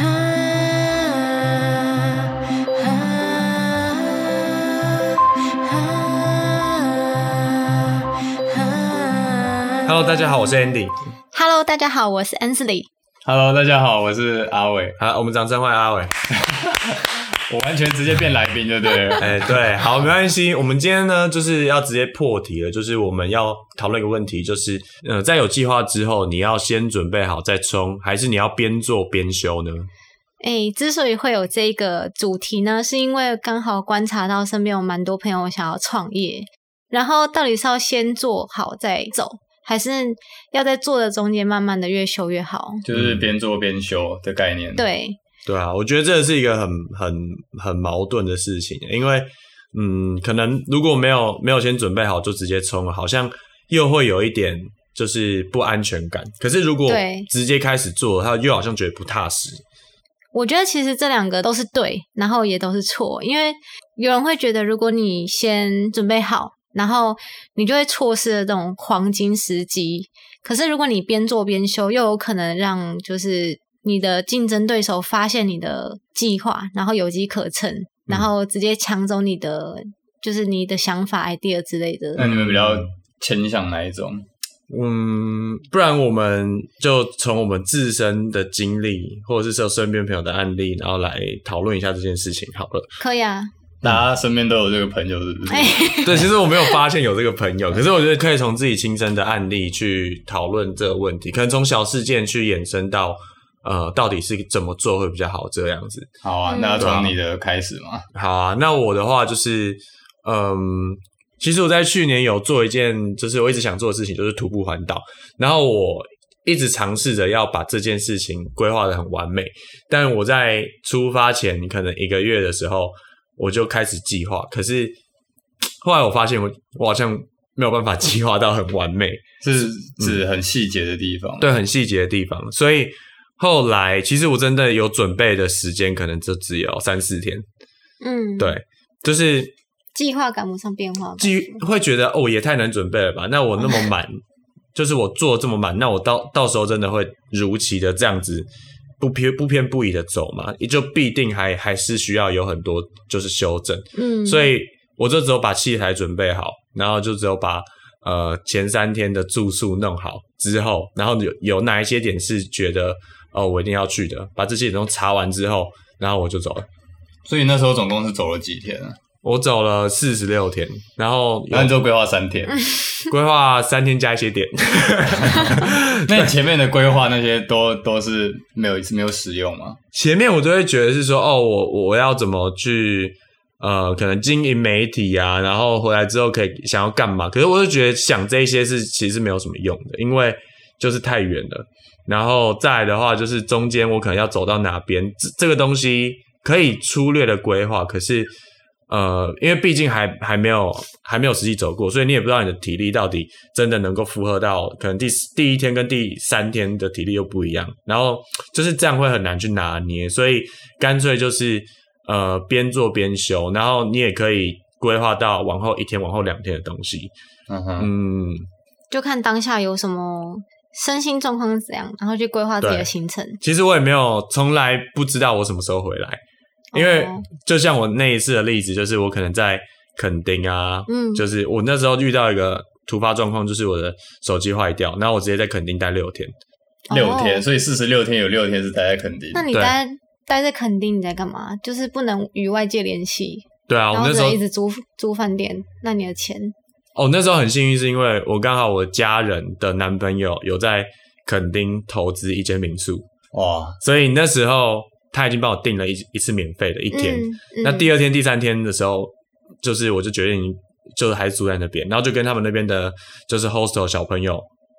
啊啊啊啊啊啊、Hello，大家好，我是 Andy。Hello，大家好，我是 Annsley。Hello，大家好，我是阿偉。好，我們掌聲歡迎阿偉。 我完全直接變來賓，對不對？哎，對，好，沒關係。我們今天呢，就是要直接破題了，就是我們要討論一個問題，就是，呃，在有計劃之後，你要先準備好再衝，還是你要邊做邊修呢？哎、欸，之所以會有這個主題呢，是因為剛好觀察到身邊有蠻多朋友想要創業，然後到底是要先做好再走，還是要在做的中間慢慢的越修越好？嗯、就是邊做邊修的概念，對。對啊，我覺得這是一個很很很矛盾的事情，因為，嗯，可能如果沒有沒有先準備好就直接衝了，好像又會有一點就是不安全感。可是如果直接開始做，他又好像覺得不踏實。我覺得其實這兩個都是對，然後也都是錯，因為有人會覺得如果你先準備好，然後你就會錯失了這種黃金時機。可是如果你邊做邊修，又有可能讓就是。你的競爭對手發現你的計劃，然後有機可乘，然後直接搶走你的、嗯、就是你的想法、idea 之類的。那你們比較傾向哪一種？嗯，不然我們就從我們自身的經歷，或者是說身邊朋友的案例，然後來討論一下這件事情好了。可以啊，嗯、大家身邊都有這個朋友是不是？哎、 對，其實我沒有發現有這個朋友， 可是我覺得可以從自己親身的案例去討論這個問題，可能從小事件去衍生到。呃，到底是怎麼做會比較好？這個樣子。好啊，那從你的開始嘛、嗯。好啊，那我的話就是，嗯，其實我在去年有做一件，就是我一直想做的事情，就是徒步環島。然後我一直嘗試着要把這件事情規劃得很完美。但我在出發前可能一個月的時候，我就開始計劃。可是後來我發現我，我我好像沒有辦法計劃到很完美，是指很細節的地方、嗯。對，很細節的地方，所以。後來其實我真的有準備的時間，可能就只有三四天。嗯，對，就是計劃趕不上變化，基會覺得哦，也太難準備了吧？那我那麼滿，嗯、就是我做這麼滿，那我到 到時候真的會如期的這樣子不偏不偏不倚的走嘛？也就必定還還是需要有很多就是修正。嗯，所以我這只有把器材準備好，然後就只有把呃前三天的住宿弄好之後，然後有有哪一些點是覺得。哦，我一定要去的。把這些點都查完之後，然後我就走了。所以那時候總共是走了幾天？我走了四十六天，然後反正就規劃三天，規劃三天加一些點。 那你前面的規劃那些都都是沒有意沒有使用嗎？前面我就會覺得是說，哦，我我要怎麼去？呃，可能經營媒體啊，然後回來之後可以想要幹嘛？可是我就覺得想這些是其實是沒有什麼用的，因為就是太遠了。然後再來的話，就是中間我可能要走到哪邊，這這個東西可以粗略的規劃，可是，呃，因為畢竟還還沒有還沒有實際走過，所以你也不知道你的體力到底真的能夠負荷到，可能第第一天跟第三天的體力又不一樣，然後就是這樣會很難去拿捏，所以乾脆就是呃邊做邊修，然後你也可以規劃到往後一天、往後兩天的東西，Uh-huh. 嗯哼，就看當下有什麼。身心狀況是怎樣，然後去規劃自己的行程。其實我也沒有，從來不知道我什麼時候回來，因為就像我那一次的例子，就是我可能在墾丁啊，嗯，就是我那時候遇到一個突發狀況，就是我的手機壞掉，然後我直接在墾丁待六天，六天，所以四十六天有六天是待在墾丁。那你待待在墾丁你在幹嘛？就是不能與外界聯繫。對啊，我那時候一直租租飯店，那你的錢？哦，那時候很幸運，是因為我剛好我家人的男朋友有在墾丁投資一間民宿，哇！所以那時候他已經幫我訂了一一次免費的一天、嗯嗯。那第二天、第三天的時候，就是我就決定，就是還是住在那邊，然後就跟他們那邊的，就是 hostel 小朋友，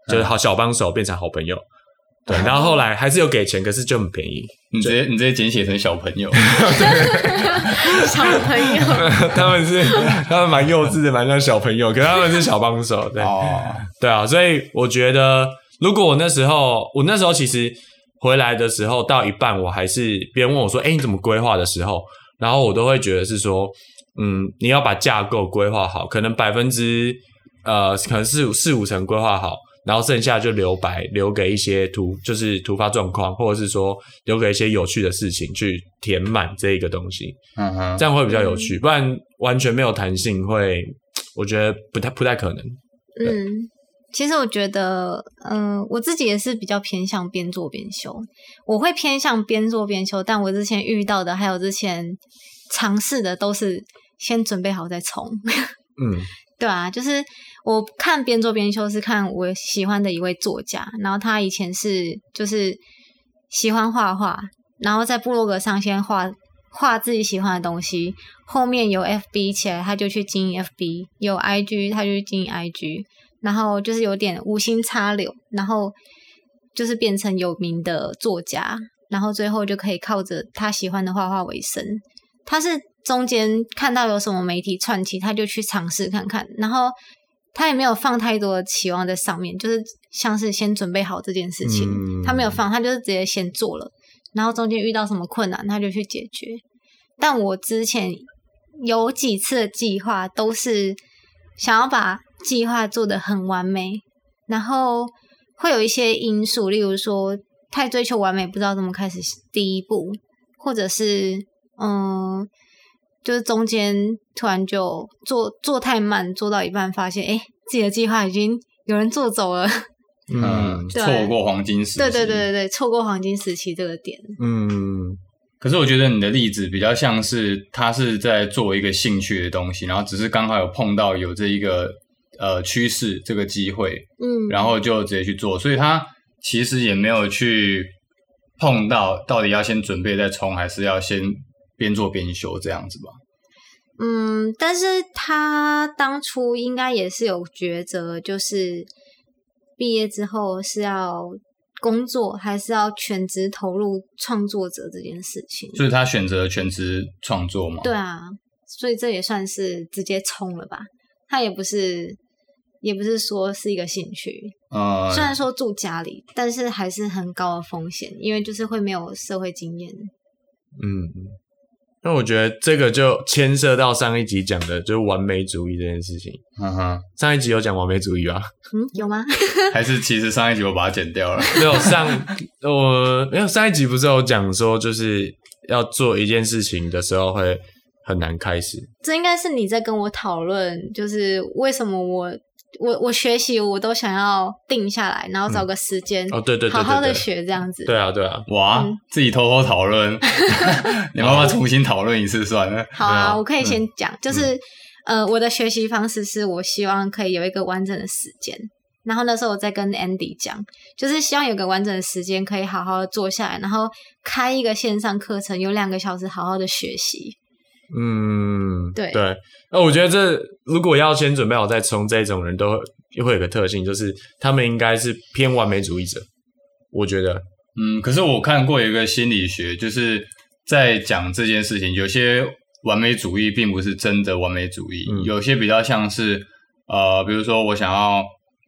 嗯、就是好小幫手，變成好朋友。對，然後後來還是有給錢，可是就很便宜。啊、你直接你直接簡寫成小朋友， 對小朋友， 他們是他們蠻幼稚的，蠻像小朋友，可他們是小幫手，對、哦，對啊。所以我覺得，如果我那時候，我那時候其實回來的時候到一半，我還是別人問我說：“哎、欸，你怎麼規劃的時候？”然後我都會覺得是說：“嗯，你要把架構規劃好，可能百分之呃，可能四五,四五成規劃好。”然後剩下就留白，留給一些突，就是突發狀況，或者是說留給一些有趣的事情去填滿這個東西。嗯，這樣會比較有趣，不然完全沒有彈性會，我覺得不太不太可能。嗯，其實我覺得，嗯、呃，我自己也是比較偏向邊做邊修，我會偏向邊做邊修，但我之前遇到的還有之前嘗試的都是先準備好再衝。嗯， 對啊，就是。我看邊做邊修是看我喜歡的一位作家，然後他以前是就是喜歡畫畫，然後在部落格上先畫畫自己喜歡的東西，後面有 F B 起來，他就去經營 F B，有 I G 他就去經營 I G，然後就是有點無心插柳，然後就是變成有名的作家，然後最後就可以靠着他喜歡的畫畫為生。他是中間看到有什麼媒體串起，他就去嘗試看看，然後。他也沒有放太多的期望在上面，就是像是先準備好這件事情，嗯，他沒有放，他就是直接先做了，然後中間遇到什麼困難他就去解決。但我之前有幾次的計劃都是想要把計劃做得很完美，然後會有一些因素，例如說太追求完美，不知道怎麼開始第一步，或者是嗯。就是中間突然就做做太慢，做到一半發現，誒、欸、自己的計劃已經有人做走了，嗯，錯過黃金時期，對對對對對，錯過黃金時期這個點，嗯，可是我覺得你的例子比較像是他是在做一個興趣的東西，然後只是剛好有碰到有這一個呃趨勢這個機會，嗯，然後就直接去做，所以他其實也沒有去碰到到底要先準備再衝，還是要先。邊做邊修這樣子吧。嗯，但是他當初應該也是有抉擇，就是畢業之後是要工作還是要全職投入創作者這件事情。所以，他選擇全職創作嘛？對啊，所以這也算是直接衝了吧？他也不是，也不是說是一個興趣。uh, 雖然說住家裡，但是還是很高的風險，因為就是會沒有社會經驗。嗯。那我覺得這個就牽涉到上一集講的，就是完美主義這件事情。Uh-huh. 上一集有講完美主義吧？嗯，有嗎？ 還是其實上一集我把它剪掉了？沒有，上，我，沒有，上一集不是有講說，就是要做一件事情的時候會很難開始。這應該是你在跟我討論，就是為什麼我。我我學習我都想要定下來，然後找個時間、嗯、哦，對對，對對對，好好的學這樣子。對啊對啊，我啊、嗯、自己偷偷討論， 你要不要重新討論一次算了。好啊、嗯，我可以先講，就是、嗯、呃，我的學習方式是我希望可以有一個完整的時間，然後那時候我再跟 Andy 講，就是希望有個完整的時間可以好好的坐下來，然後開一個線上課程，有兩個小時好好的學習。嗯，對，對，那我覺得這如果要先準備好再衝，這種人都會，會有個特性，就是他們應該是偏完美主義者。我覺得，嗯，可是我看過一個心理學，就是在講這件事情，有些完美主義並不是真的完美主義，嗯，有些比較像是，呃，比如說我想要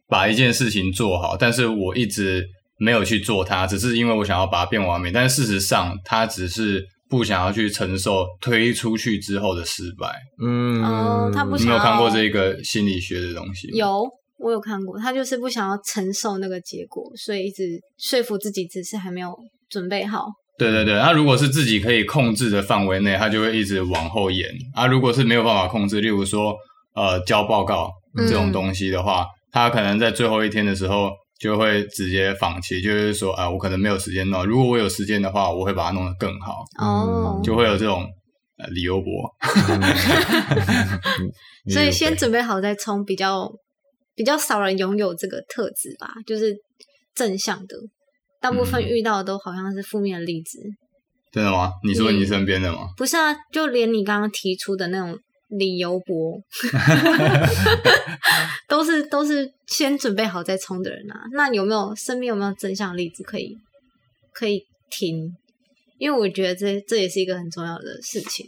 把一件事情做好，但是我一直沒有去做它，只是因為我想要把它變完美，但事實上它只是。不想要去承受推出去之後的失敗，嗯，哦、他不想，你有看過這個心理學的東西嗎？有，我有看過，他就是不想要承受那個結果，所以一直說服自己只是還沒有準備好。嗯、對對對，他如果是自己可以控制的範圍內，他就會一直往後延；啊，如果是沒有辦法控制，例如說呃交報告這種東西的話、嗯，他可能在最後一天的時候。就會直接放棄，就是說啊，我可能沒有時間弄。如果我有時間的話，我會把它弄得更好。哦，就會有這種理由博，所以先準備好再衝，比較比較少人擁有這個特質吧。就是正向的，大部分遇到的都好像是負面的例子。嗯、真的嗎？你說你身邊的嗎？不是啊，就連你剛剛提出的那種。理由博 都是都是先準備好再衝的人啊，那有沒有身邊有沒有正向的例子可以可以聽？因為我覺得這這也是一個很重要的事情。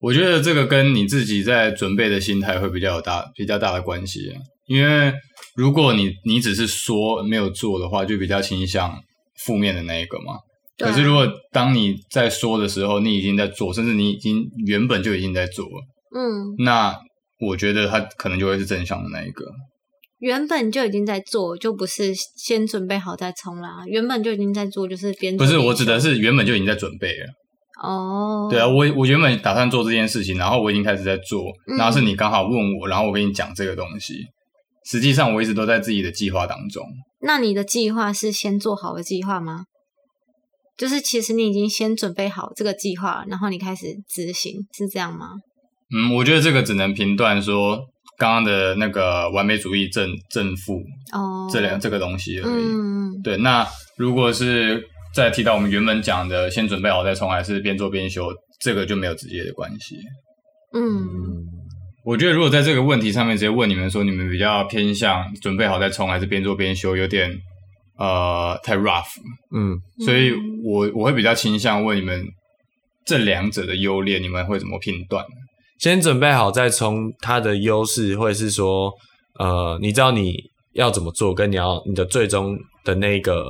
我覺得這個跟你自己在準備的心態會比較有大比較大的關係，因為如果你你只是說沒有做的話，就比較傾向負面的那一個嘛、啊。可是如果當你在說的時候，你已經在做，甚至你已經原本就已經在做了。嗯，那我覺得他可能就會是正向的那一個。原本就已經在做，就不是先準備好再衝啦。原本就已經在做，就是邊，不是，我指的是原本就已經在準備了。哦，對啊，我我原本打算做這件事情，然後我已經開始在做，然後是你剛好問我，嗯、然後我跟你講這個東西。實際上我一直都在自己的計劃當中。那你的計劃是先做好的計劃嗎？就是其實你已經先準備好這個計劃，然後你開始執行，是這樣嗎？嗯，我覺得這個只能評斷說剛剛的那個完美主義正正負哦，oh. 這兩這個東西而已。嗯、mm.，對。那如果是再提到我們原本講的先準備好再衝，還是邊做邊修，這個就沒有直接的關係。嗯、mm.，我覺得如果在這個問題上面直接問你們說你們比較偏向準備好再衝還是邊做邊修，有點呃，太 rough。嗯、mm.，所以我我會比較傾向問你們這兩者的優劣，你們會怎麼評斷？先準備好，再衝，他的優勢，或者是說，呃，你知道你要怎麼做，跟你要你的最終的那個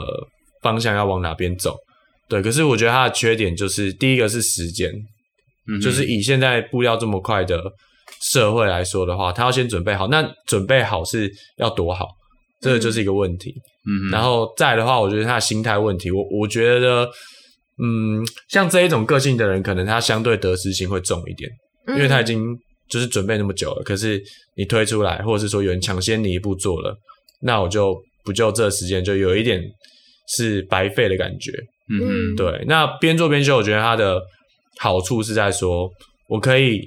方向要往哪邊走，對。可是我覺得他的缺點就是，第一個是時間，嗯，就是以現在步調這麼快的社會來說的話，他要先準備好，那準備好是要多好，這個就是一個問題。嗯，然後再來的話，我覺得他的心態問題，我我覺得，嗯，像這一種個性的人，可能他相對得失心會重一點。因為他已經就是準備那麼久了，可是你推出來，或者是說有人搶先你一步做了，那我就不就這時間就有一點是白費的感覺。嗯，嗯，對。那邊做邊修，我覺得它的好處是在說，我可以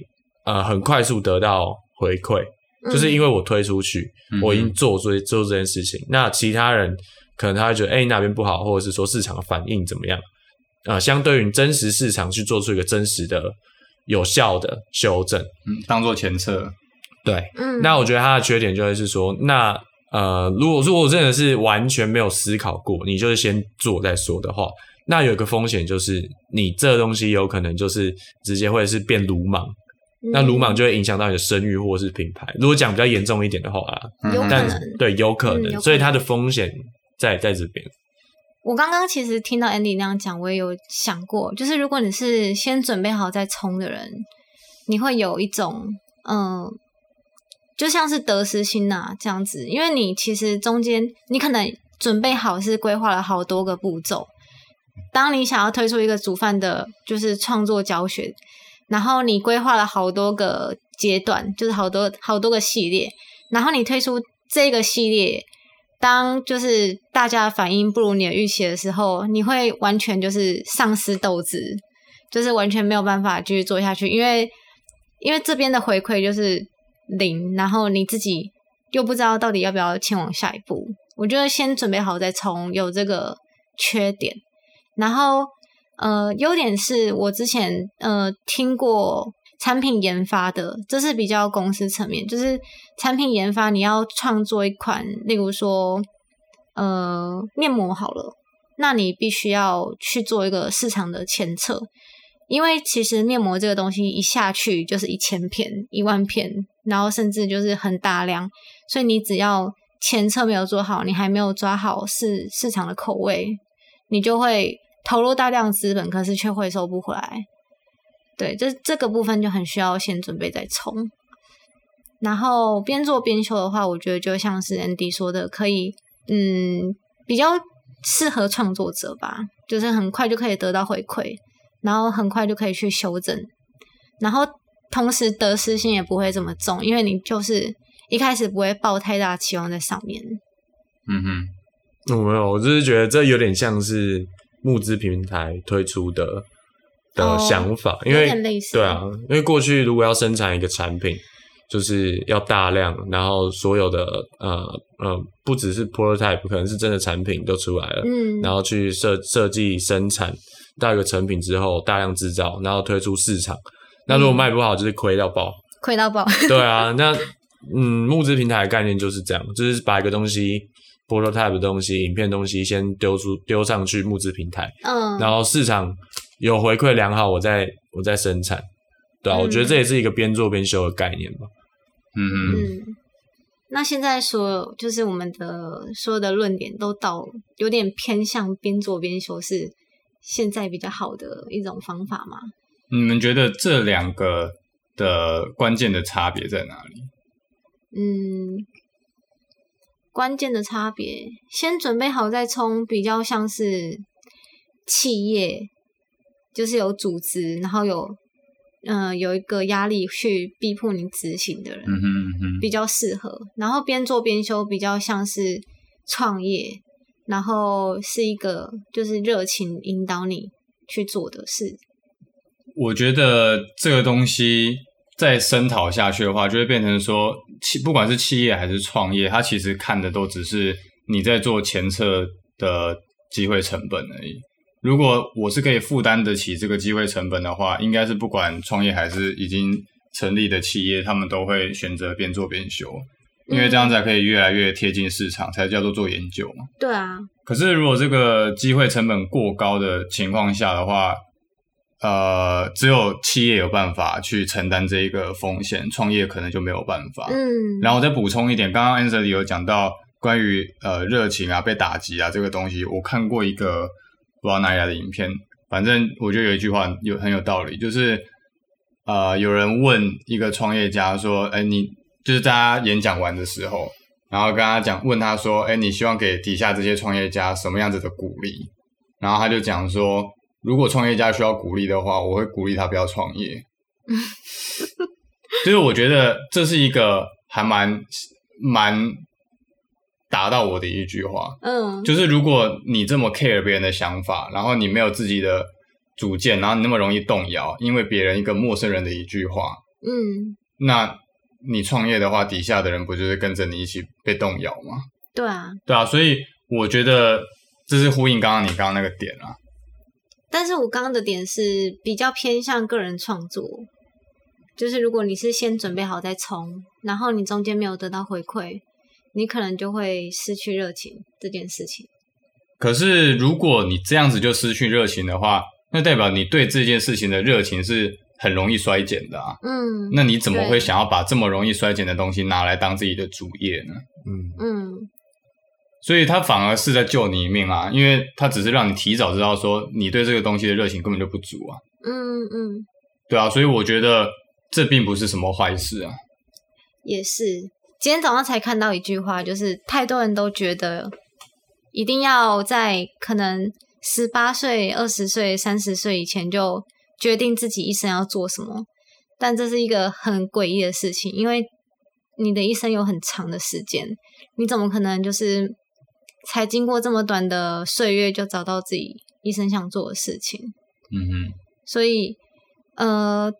呃，很快速得到回饋，就是因為我推出去，我已經做做做這件事情，那其他人可能他會覺得，哎，那邊不好，或者是說市場反應怎麼樣？呃，相對於真實市場去做出一個真實的。有效的修正，嗯、當做前策，對，嗯，那我覺得它的缺點就會是說，嗯、那呃，如果說我真的是完全沒有思考過，你就是先做再說的話，那有一個風險就是你這東西有可能就是直接會是變魯莽，嗯、那魯莽就會影響到你的聲譽或者是品牌。如果講比較嚴重一點的話啊，嗯、但有可能對有可能、嗯，有可能，所以它的風險在在這邊。我剛剛其實聽到 Andy 那樣講，我也有想過，就是如果你是先準備好再衝的人，你會有一種嗯，就像是得失心吶啊，這樣子，因為你其實中間你可能準備好是規劃了好多個步驟，當你想要推出一個煮飯的，就是創作教學，然後你規劃了好多個階段，就是好多好多個系列，然後你推出這個系列。當就是大家的反應不如你的預期的時候，你會完全就是喪失鬥志，就是完全沒有辦法繼續做下去，因為因為這邊的回饋就是零，然後你自己又不知道到底要不要前往下一步。我覺得先準備好再衝，有這個缺點，然後呃優點是我之前呃聽過。產品研發的，這是比較公司層面，就是產品研發，你要創作一款，例如說，呃，面膜好了，那你必須要去做一個市場的前測，因為其實面膜這個東西一下去就是一千片、一萬片，然後甚至就是很大量，所以你只要前測沒有做好，你還沒有抓好市市場的口味，你就會投入大量資本，可是卻回收不回來。對，這這個部分就很需要先準備再衝。然後邊做邊修的話，我覺得就像是 Andy 說的，可以，嗯，比較適合創作者吧，就是很快就可以得到回饋，然後很快就可以去修正，然後同時得失心也不會這麼重，因為你就是一開始不會抱太大期望在上面。嗯哼，我沒有，我就是覺得這有點像是募資平台推出的的想法，哦、因為、那個、對啊，因為過去如果要生產一個產品，就是要大量，然後所有的呃呃，不只是 prototype，可能是真的產品都出來了，嗯，然後去設設計生產到一個成品之後，大量製造，然後推出市場，嗯。那如果賣不好，就是虧到爆，虧到爆。 對啊，那嗯，募資平台的概念就是這樣，就是把一個東西 prototype 的東西，影片東西先，先丟出丟上去募資平台，嗯，然後市場。有回饋良好，我在我在生產，對啊、嗯，我覺得這也是一個邊做邊修的概念吧。嗯嗯，那現在所有就是我們的所有的論點都到有點偏向邊做邊修是現在比較好的一種方法嗎？你們覺得這兩個的關鍵的差別在哪裡？嗯，關鍵的差別，先準備好再衝，比較像是企業。就是有組織，然後有嗯、呃、有一個壓力去逼迫你執行的人嗯，哼嗯哼，比較適合。然後邊做邊修比較像是創業，然後是一個就是熱情引導你去做的事。我覺得這個東西再深討下去的話，就會變成說，企不管是企業還是創業，它其實看的都只是你在做前測的機會成本而已。如果我是可以負擔得起這個機會成本的話，應該是不管創業還是已經成立的企業，他們都會選擇邊做邊修，因為這樣才可以越來越貼近市場，嗯，才叫做做研究嘛。對啊。可是如果這個機會成本過高的情況下的話，呃，只有企業有辦法去承擔這一個風險，創業可能就沒有辦法。嗯。然後我再補充一點，剛剛 Annsley 有講到關於呃熱情啊被打擊啊這個東西，我看過一個。不知道哪裡來的影片，反正我覺得有一句話有很有道理，就是啊、呃，有人問一個創業家說：“誒你就是大家演講完的時候，然後跟他講，問他說：‘誒你希望給底下這些創業家什麼樣子的鼓勵？’然後他就講說：‘如果創業家需要鼓勵的話，我會鼓勵他不要創業。’所以我覺得這是一個還蠻蠻。”打到我的一句話，嗯，就是如果你這麼 care 別人的想法，然後你沒有自己的主見，然後你那麼容易動搖，因為別人一個陌生人的一句話，嗯，那你創業的話，底下的人不就是跟着你一起被動搖嗎？對啊，對啊，所以我覺得這是呼應剛剛你剛剛那個點啊。但是我剛剛的點是比較偏向個人創作，就是如果你是先準備好再衝，然後你中間沒有得到回饋。你可能就會失去熱情這件事情。可是，如果你這樣子就失去熱情的話，那代表你對這件事情的熱情是很容易衰減的啊。嗯，那你怎麼會想要把這麼容易衰減的東西拿來當自己的主業呢？嗯嗯。所以，他反而是在救你一命啊，因為他只是讓你提早知道說，你對這個東西的熱情根本就不足啊。嗯嗯嗯。對啊，所以我覺得這並不是什麼壞事啊。也是。今天早上才看到一句話，就是太多人都覺得一定要在可能十八歲、二十歲、三十歲以前就決定自己一生要做什麼，但這是一個很詭異的事情，因為你的一生有很長的時間，你怎麼可能就是才經過這麼短的歲月就找到自己一生想做的事情？嗯哼，所以呃。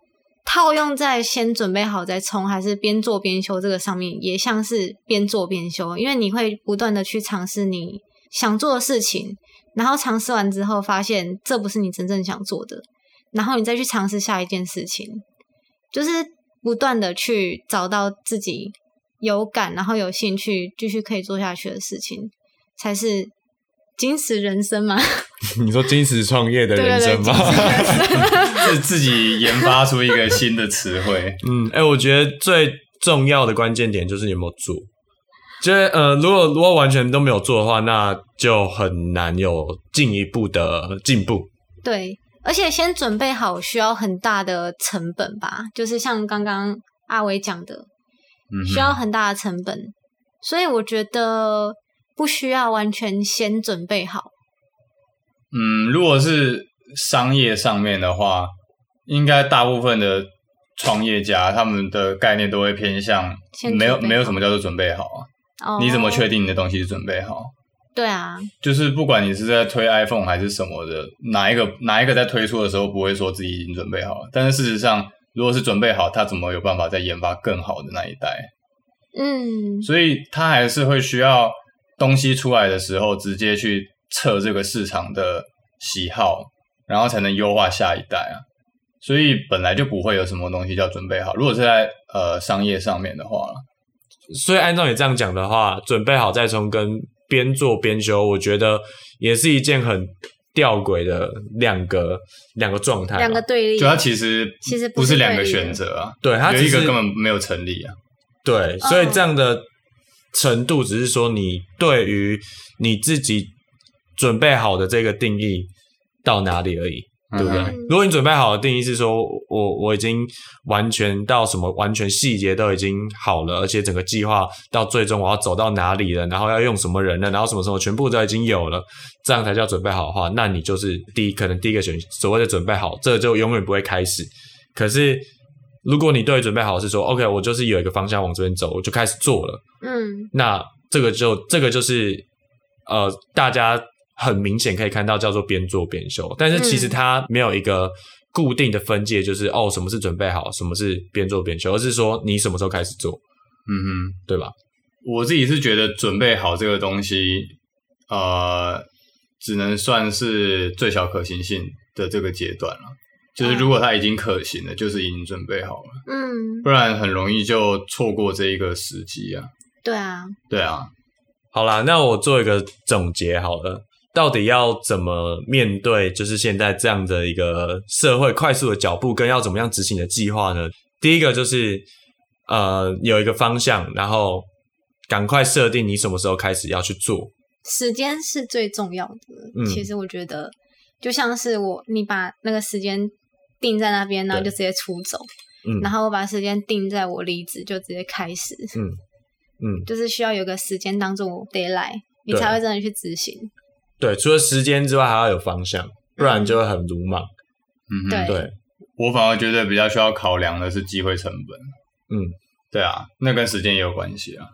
套用在先準備好再衝，還是邊做邊修這個上面，也像是邊做邊修，因為你會不斷的去嘗試你想做的事情，然後嘗試完之後發現這不是你真正想做的，然後你再去嘗試下一件事情，就是不斷的去找到自己有感，然後有興趣繼續可以做下去的事情，才是精實人生嘛？你說精實創業的人生嗎？對對對 是 自己研發出一個新的詞彙。 嗯，哎、欸，我覺得最重要的關鍵點就是你有沒有做。就是、呃，如果如果完全都沒有做的話，那就很難有進一步的進步。對，而且先準備好需要很大的成本吧。就是像剛剛阿偉講的，需要很大的成本、嗯，所以我覺得不需要完全先準備好。嗯，如果是商業上面的話。應該大部分的創業家，他們的概念都會偏向沒有沒有什麼叫做準備好啊？Oh, 你怎麼確定你的東西是準備好？對啊，就是不管你是在推 iPhone 還是什麼的，哪一個哪一個在推出的時候不會說自己已經準備好了？但是事實上，如果是準備好，他怎麼有辦法再研發更好的那一代？嗯，所以他還是會需要東西出來的時候，直接去測這個市場的喜好，然後才能優化下一代啊。所以本來就不會有什麼東西叫準備好。如果是在呃商業上面的話，所以按照你這樣講的話，準備好再衝跟邊做邊修，我覺得也是一件很吊詭的兩個兩個狀態，兩個對立。主要其實其實不是兩個選擇啊，對，它是一個根本沒有成立啊對。對，所以這樣的程度只是說你對於你自己準備好的這個定義到哪裡而已。對不對？如果你準備好的定義是說，我我已經完全到什麼，完全細節都已經好了，而且整個計劃到最終我要走到哪裡了，然後要用什麼人了，然後什麼什麼全部都已經有了，這樣才叫準備好的話，那你就是第一可能第一個選所謂的準備好，這個就永遠不會開始。可是如果你對準備好是說，OK，我就是有一個方向往這邊走，我就開始做了，嗯，那這個就這個就是呃大家。很明顯可以看到叫做邊做邊修，但是其實它沒有一個固定的分界，就是、嗯、哦，什麼是準備好，什麼是邊做邊修，而是說你什麼時候開始做，嗯哼，對吧？我自己是覺得準備好這個東西，呃，只能算是最小可行性的這個階段了。就是如果它已經可行了，對，就是已經準備好了，嗯，不然很容易就錯過這一個時機啊。對啊，對啊。好啦，那我做一個總結好了。到底要怎麼面對？就是現在這樣的一個社會快速的腳步，跟要怎麼樣執行的計劃呢？第一個就是，呃，有一個方向，然後趕快設定你什麼時候開始要去做。時間是最重要的。嗯、其實我覺得，就像是我，你把那個時間定在那邊，然後就直接出走。嗯、然後我把時間定在我離職，就直接開始。嗯嗯，就是需要有個時間當做 deadline，你才會真的去執行。對，除了時間之外，還要有方向，不然就會很魯莽。嗯，對，我反而覺得比較需要考量的是機會成本。嗯，對啊，那跟時間也有關係啊。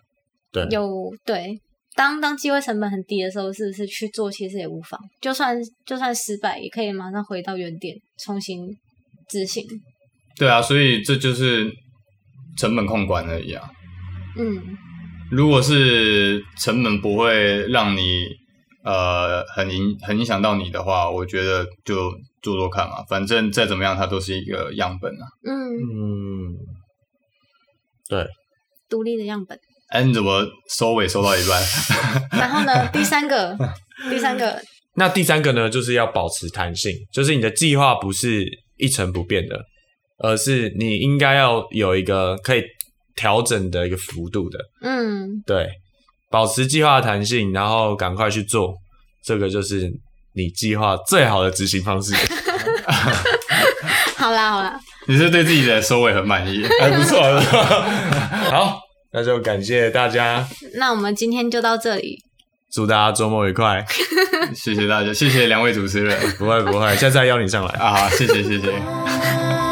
對，有對，當當機會成本很低的時候，是不是去做其實也無妨？就算就算失敗，也可以馬上回到原點，重新執行。對啊，所以這就是成本控管而已啊。嗯，如果是成本不會讓你。呃，很影很影響到你的話，我覺得就做做看嘛，反正再怎麼樣，它都是一個樣本啊。嗯，嗯對，獨立的樣本。哎、欸，你怎麼收尾收到一半？ 然後呢？第三個， 第三個。 那第三個呢，就是要保持彈性，就是你的計劃不是一成不變的，而是你應該要有一個可以調整的一個幅度的。嗯，對。保持計劃彈性，然後趕快去做，這個就是你計劃最好的執行方式。 好啦好啦，你是，是對自己的收尾很滿意， 還不錯錯、啊。 好，那就感謝大家。那我們今天就到這裡，祝大家週末愉快。謝謝大家，謝謝兩位主持人、 啊。不會不會，下次再邀你上來啊，好！謝謝謝謝。